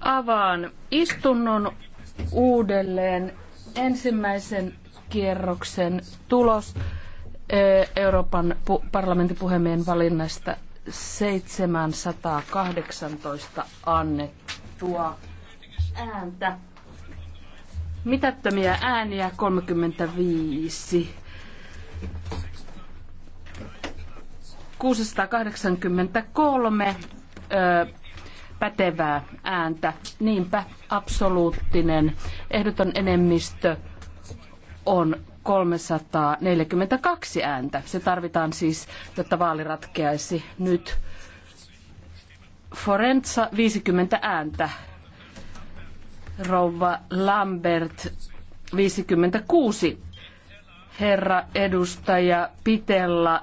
Avaan istunnon uudelleen ensimmäisen kierroksen tulos eh, Euroopan parlamentin puhemiehen valinnasta seitsemänsataakahdeksantoista annettua ääntä. Mitättömiä ääniä 35. 683 ö, pätevää ääntä. Niinpä absoluuttinen ehdoton enemmistö on 342 ääntä. Se tarvitaan siis, jotta vaali ratkeaisi nyt. Forenza 50 ääntä. Rouva Lambert 56. Herra edustaja Pitella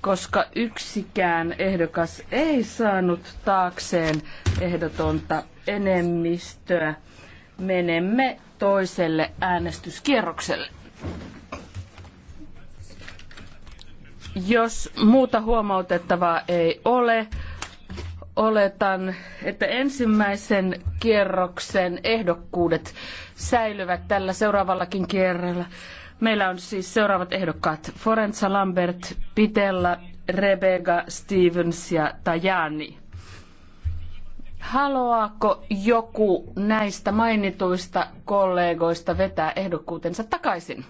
koska yksikään ehdokas ei saanut taakseen ehdotonta enemmistöä, menemme toiselle äänestyskierrokselle. Jos muuta huomautettavaa ei ole, oletan, että ensimmäisen kierroksen ehdokkuudet säilyvät tällä seuraavallakin kierrellä. Meillä on siis seuraavat ehdokkaat. Forenza Lambert, Pitella, Rebega, Stevens ja Tajani. Haluaako joku näistä mainituista kollegoista vetää ehdokkuutensa takaisin?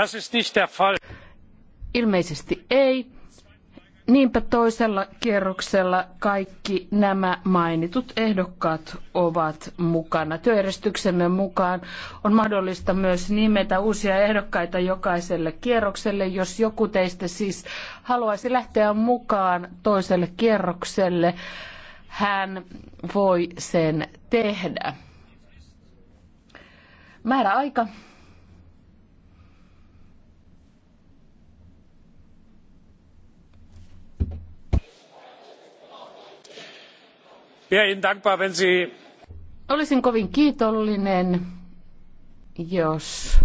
Das ist nicht der Fall. Ilmeisesti ei. Niinpä toisella kierroksella kaikki nämä mainitut ehdokkaat ovat mukana. Työjärjestyksemme mukaan on mahdollista myös nimetä uusia ehdokkaita jokaiselle kierrokselle. Jos joku teistä siis haluaisi lähteä mukaan toiselle kierrokselle, hän voi sen tehdä. Määräaika Olisin kovin kiitollinen, jos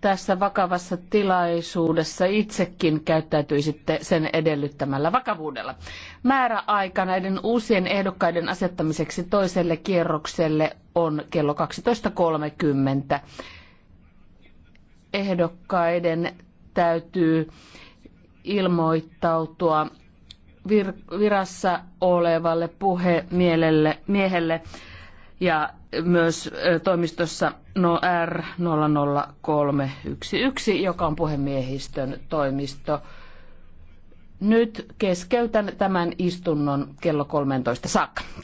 tässä vakavassa tilaisuudessa itsekin käyttäytyisitte sen edellyttämällä vakavuudella. Määräaika näiden uusien ehdokkaiden asettamiseksi toiselle kierrokselle on kello 12.30. Ehdokkaiden täytyy ilmoittautua vir- virassa olevalle puhemielelle miehelle ja myös toimistossa no R00311, joka on puhemiehistön toimisto. Nyt keskeytän tämän istunnon kello 13 saakka.